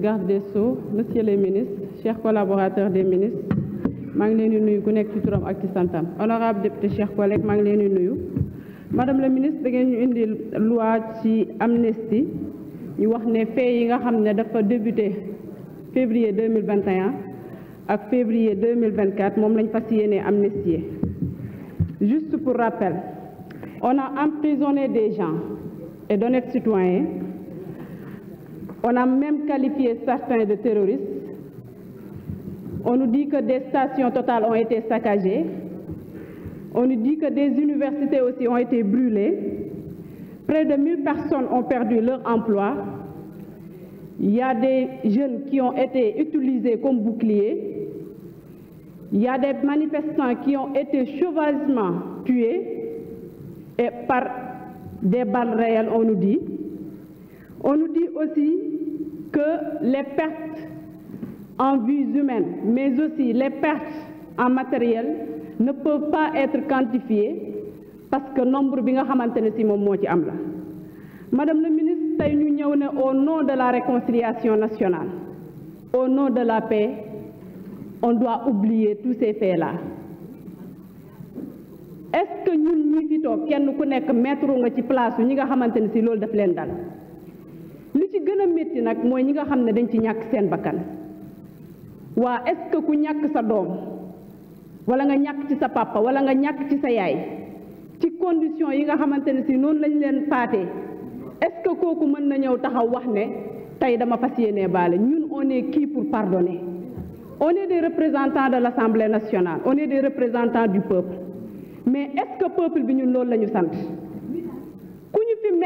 garde des Sceaux monsieur les ministres chers collaborateurs des ministres maa ngi nuyu ku ci honorable député chers collègues madame la ministre da ngeen ñu indi loi ci amnistie ñu wax février 2021 ak février 2024 moom lañ fas juste pour rappel on a emprisonné des gens et nos citoyens on a même qualifié certains de terroristes. On nous dit que des stations totales ont été saccagées. On nous dit que des universités aussi ont été brûlées. Près de 1000 personnes ont perdu leur emploi. Il y a des jeunes qui ont été utilisés comme boucliers. Il y a des manifestants qui ont été sauvagement tués et par des balles réelles, on nous dit. On nous dit aussi que les pertes en vies humaines, mais aussi les pertes en matériel, ne peuvent pas être quantifiées parce que nombre de nga qui si Madame la ministre au nom de la réconciliation nationale au nom de la paix on doit oublier tous ces faits-là est-ce que nous ñi fi pas mettre en place ñi nga xamante si gën a métti nag mooy ñi nga xam ne dañ ci ñàkk seen bakkan waa est-ce que ku ñàkk sa doom wala nga ñàkk ci sa papa wala nga ñàkk ci sa yaay ci condition yi nga xamante ne si noonu lañ leen faatee est-ce que kooku mën na ñëw taxaw wax ne tey dama fas yéenee baale ñun on est qui pour pardonner on est des représentants de l'Assemblée nationale on est des représentants du peuple mais est-ce que peuple bi ñun loolu la ñu sant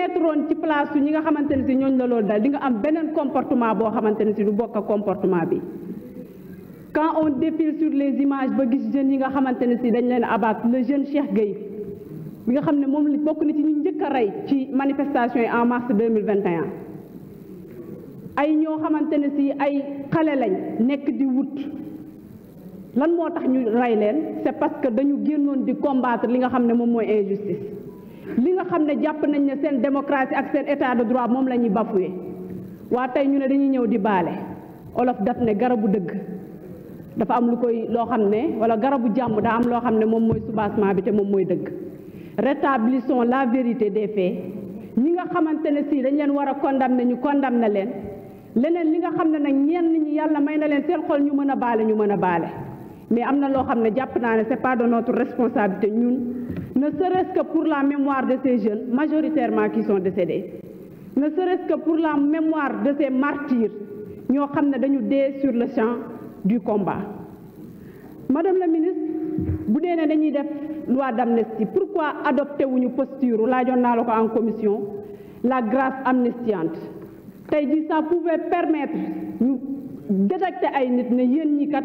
mettre ci place ñi nga xamante ne si ñooñ la loolu dal di nga am beneen comportement boo xamante ne si du bokk comportement bi quand on défile sur les images ba gis jeunes yi nga xamante ne si dañ leen abaat le jeune Cheikh Gueye bi nga xam ne moom bokk na ci ñu njëkk a rey ci manifestation yi en mars 2021 ay ñoo xamante ne si ay xale lañ nekk di wut lan moo tax ñu rey leen c'est parce que dañu génnoon di combattre li nga xam ne moom mooy injustice li nga xam ne jàpp nañ ne seen démocratie ak seen état de droit moom la ñuy waa tey ñu ne dañuy ñëw di baale olof daf ne garabu dëgg dafa am lu koy loo xam ne wala garabu jàmm daa am loo xam ne moom mooy soubassement bi te moom mooy dëgg rétablissons la vérité des faits ñi nga xamante ne si dañ leen war a condamné ñu condamné leen leneen li nga xam ne nag ñenn ñi yàlla may na leen seen xol ñu mën a baale ñu mën a baale mais am na loo xam ne jàpp naa ne c'est pas de notre ñun ne serait-ce que pour la mémoire de ces jeunes, majoritairement qui sont décédés, ne serait-ce que pour la mémoire de ces martyrs, nous avons sur le champ du combat. Madame la ministre, vous avez une loi d'amnistie. Pourquoi adopter une posture Là, en commission, la grâce amnistiante. Ça pouvait permettre de détecter les gens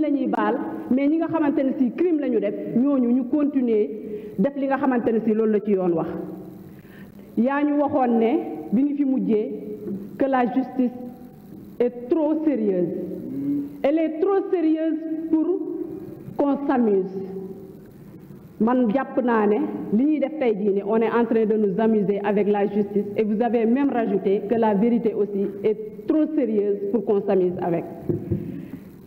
ñii la mais ñi nga xamante ci crime lañu def ñoñu ñu continuer def li nga xamante ci loolu la ci yoon wax yañu ñu ne bi fi mujjé que la justice est trop sérieuse elle est trop sérieuse pour qu'on s'amuse man japp naa ne li ñuy def on est en train de nous amuser avec la justice et vous avez même rajouté que la vérité aussi est trop sérieuse pour qu'on s'amuse avec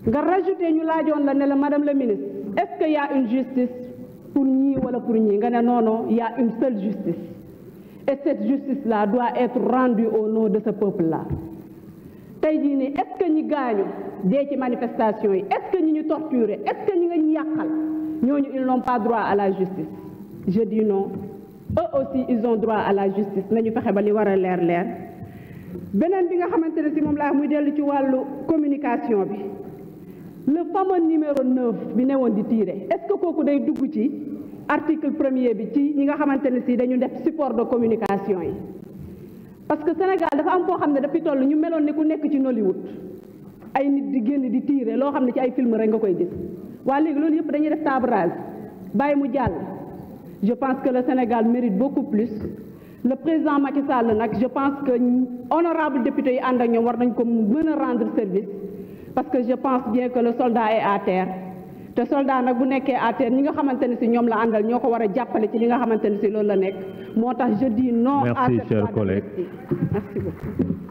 nga rajouté ñu laajoon la ne la madame la ministre est-ce qu'il y a une justice pour ñii wala pour ñii nga non non il y a une seule justice et cette justice là doit être rendue au nom de ce peuple là. tey jii est-ce que ñi gaañu dee ci manifestation est-ce que ñi ñu torturé est-ce que ñi nga ñu yàqal ñooñu ils n'ont pas droit à la justice je dis non eux aussi ils ont droit à la justice nañu fexe ba li war a leer leer beneen bi nga xamante ne si moom la muy dellu ci wàllu communication bi le fameux numéro 9 bi newoon di tiré est-ce que kooku day dugg ci article premier bi ci ñi nga xamante ne si dañu def support de communication yi parce que Sénégal dafa am foo xamné ne dafi toll ñu meloon ni ku nekk ci Nollywood ay nit di génn di tiré lo xamné ci ay film rek nga koy gis wa léegi loolu yëpp dañuy def table rase mu jall je pense que le Sénégal mérite beaucoup plus le président Macky Sall je pense que honorable député yi and ak ñom war nañ ko mëna rendre service parce que je pense bien que le soldat est à terre te soldat nak bu nekké à terre ñi nga xamante ci ñom la andal ñoko wara jappalé ci li nga xamante ci loolu la nekk motax je dis non. à cette merci cher collègue merci beaucoup.